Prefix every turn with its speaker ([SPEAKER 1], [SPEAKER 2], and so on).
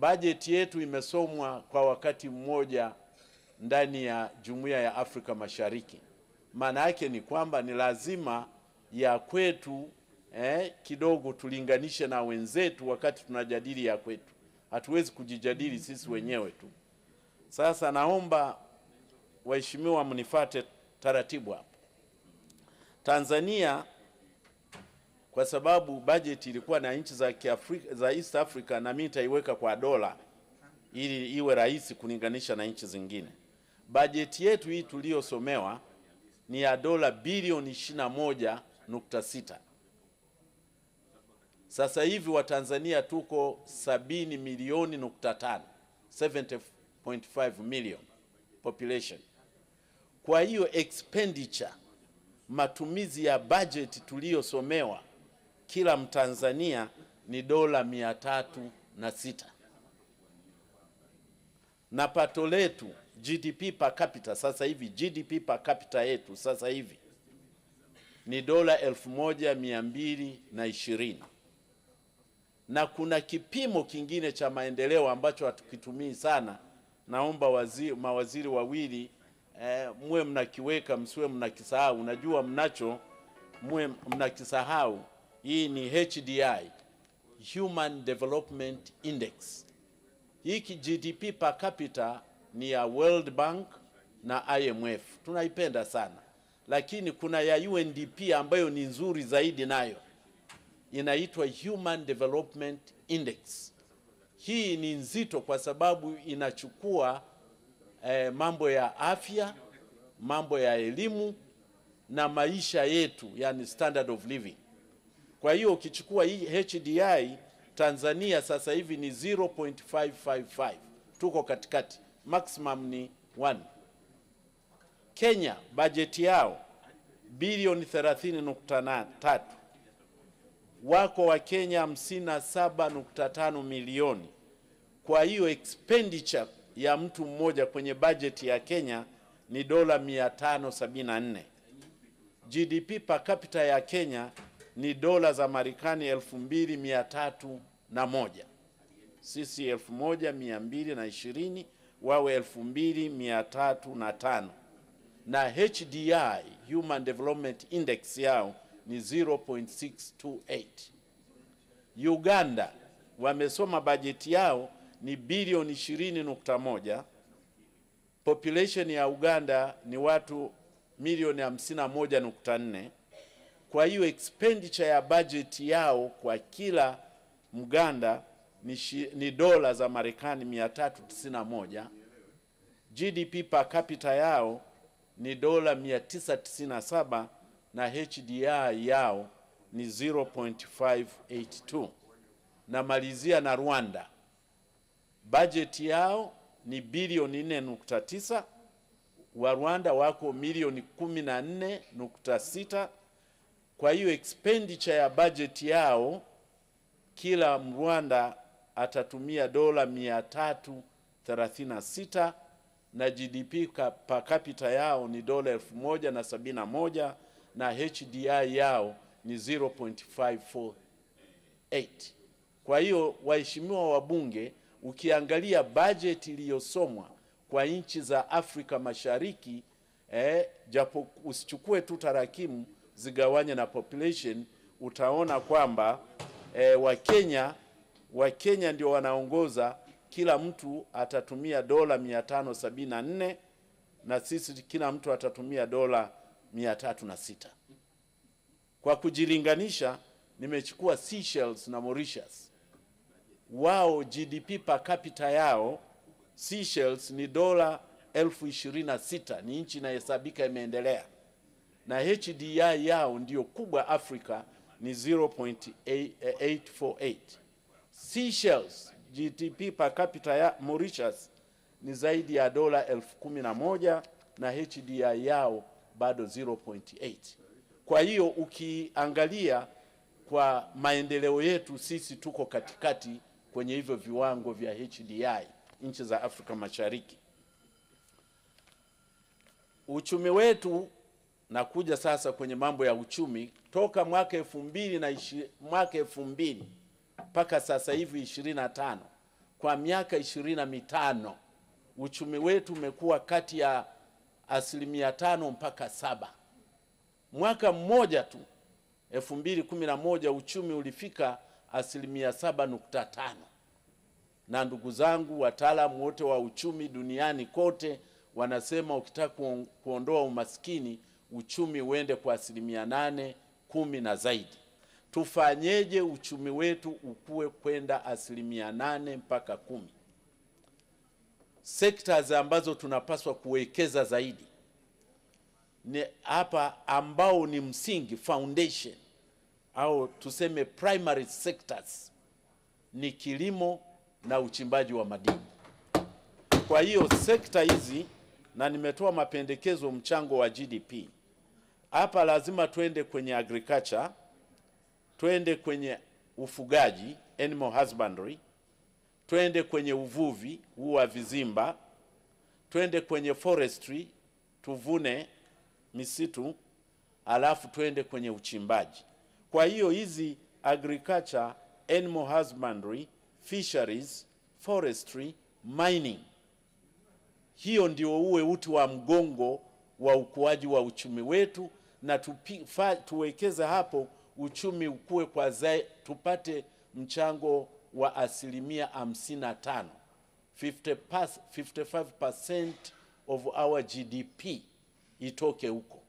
[SPEAKER 1] bajeti yetu imesomwa kwa wakati mmoja ndani ya Jumuiya ya Afrika Mashariki. Maana yake ni kwamba ni lazima ya kwetu eh, kidogo tulinganishe na wenzetu wakati tunajadili ya kwetu. Hatuwezi kujijadili sisi wenyewe tu. Sasa naomba waheshimiwa mnifate taratibu hapo. Tanzania kwa sababu bajeti ilikuwa na nchi za Kiafrika, za East Africa, na mimi nitaiweka kwa dola ili iwe rahisi kulinganisha na nchi zingine. Bajeti yetu hii tuliyosomewa ni ya dola bilioni 21.6. Sasa hivi Watanzania tuko sabini milioni nukta tano 70.5 million population. Kwa hiyo expenditure, matumizi ya bajeti tuliyosomewa kila Mtanzania ni dola mia tatu na sita na pato letu GDP per capita sasa hivi, GDP per capita yetu sasa hivi ni dola elfu moja mia mbili na ishirini na kuna kipimo kingine cha maendeleo ambacho hatukitumii sana. Naomba waziri, mawaziri wawili eh, muwe mnakiweka msiwe mnakisahau. Najua mnacho, muwe mnakisahau. Hii ni HDI, Human Development Index. Hiki GDP per capita ni ya World Bank na IMF, tunaipenda sana, lakini kuna ya UNDP ambayo ni nzuri zaidi, nayo inaitwa Human Development Index. Hii ni nzito kwa sababu inachukua eh, mambo ya afya, mambo ya elimu na maisha yetu, yani standard of living. Kwa hiyo ukichukua hii HDI Tanzania sasa hivi ni 0.555, tuko katikati, maximum ni 1. Kenya bajeti yao bilioni 30.3, wako wa Kenya 57.5 milioni. Kwa hiyo expenditure ya mtu mmoja kwenye bajeti ya Kenya ni dola 574. GDP per capita ya Kenya ni dola za Marekani elfu mbili mia tatu na moja sisi elfu moja mia mbili na ishirini wawe elfu mbili mia tatu na tano na HDI Human Development Index yao ni 0.628. Uganda wamesoma bajeti yao ni bilioni 20.1. Population ya Uganda ni watu milioni 51.4 kwa hiyo expenditure ya bajeti yao kwa kila Mganda ni, ni dola za Marekani 391. GDP per capita yao ni dola 997 na HDI yao ni 0.582. Namalizia na Rwanda, bajeti yao ni bilioni 4.9, wa Rwanda wako milioni 14.6 kwa hiyo expenditure ya bajeti yao kila Mrwanda atatumia dola 336 na GDP per capita yao ni dola elfu na na moja na HDI yao ni 0.548. Kwa hiyo waheshimiwa wabunge, ukiangalia bajeti iliyosomwa kwa nchi za Afrika Mashariki eh, japo usichukue tu tarakimu zigawanye na population, utaona kwamba e, eh, Wakenya Wakenya ndio wanaongoza. Kila mtu atatumia dola 574 na sisi kila mtu atatumia dola 306. Kwa kujilinganisha, nimechukua Seychelles na Mauritius. Wao GDP per capita yao Seychelles ni dola elfu ishirini na sita, ni nchi inahesabika imeendelea na HDI yao ndiyo kubwa Afrika ni 0.848. Seychelles GDP per capita ya Mauritius ni zaidi ya dola elfu kumi na moja na HDI yao bado 0.8. Kwa hiyo ukiangalia kwa maendeleo yetu sisi tuko katikati kwenye hivyo viwango vya HDI nchi za Afrika Mashariki. Uchumi wetu nakuja sasa kwenye mambo ya uchumi toka mwaka elfu mbili na mwaka elfu mbili mpaka sasa hivi ishirini na tano kwa miaka ishirini na mitano uchumi wetu umekuwa kati ya asilimia tano mpaka saba. Mwaka mmoja tu elfu mbili kumi na moja uchumi ulifika asilimia saba nukta tano na ndugu zangu, wataalamu wote wa uchumi duniani kote wanasema ukitaka kuondoa umaskini uchumi uende kwa asilimia nane kumi na zaidi. Tufanyeje uchumi wetu ukue kwenda asilimia nane mpaka kumi? Sekta ambazo tunapaswa kuwekeza zaidi ni hapa, ambao ni msingi foundation, au tuseme primary sectors ni kilimo na uchimbaji wa madini. Kwa hiyo sekta hizi, na nimetoa mapendekezo mchango wa GDP hapa lazima twende kwenye agriculture, twende kwenye ufugaji animal husbandry, twende kwenye uvuvi huu wa vizimba, twende kwenye forestry, tuvune misitu, alafu twende kwenye uchimbaji. Kwa hiyo hizi agriculture, animal husbandry, fisheries, forestry, mining, hiyo ndio uwe uti wa mgongo wa ukuaji wa uchumi wetu na tupifa, tuwekeze hapo uchumi ukue kwa zaidi, tupate mchango wa asilimia 55 55% of our GDP itoke huko.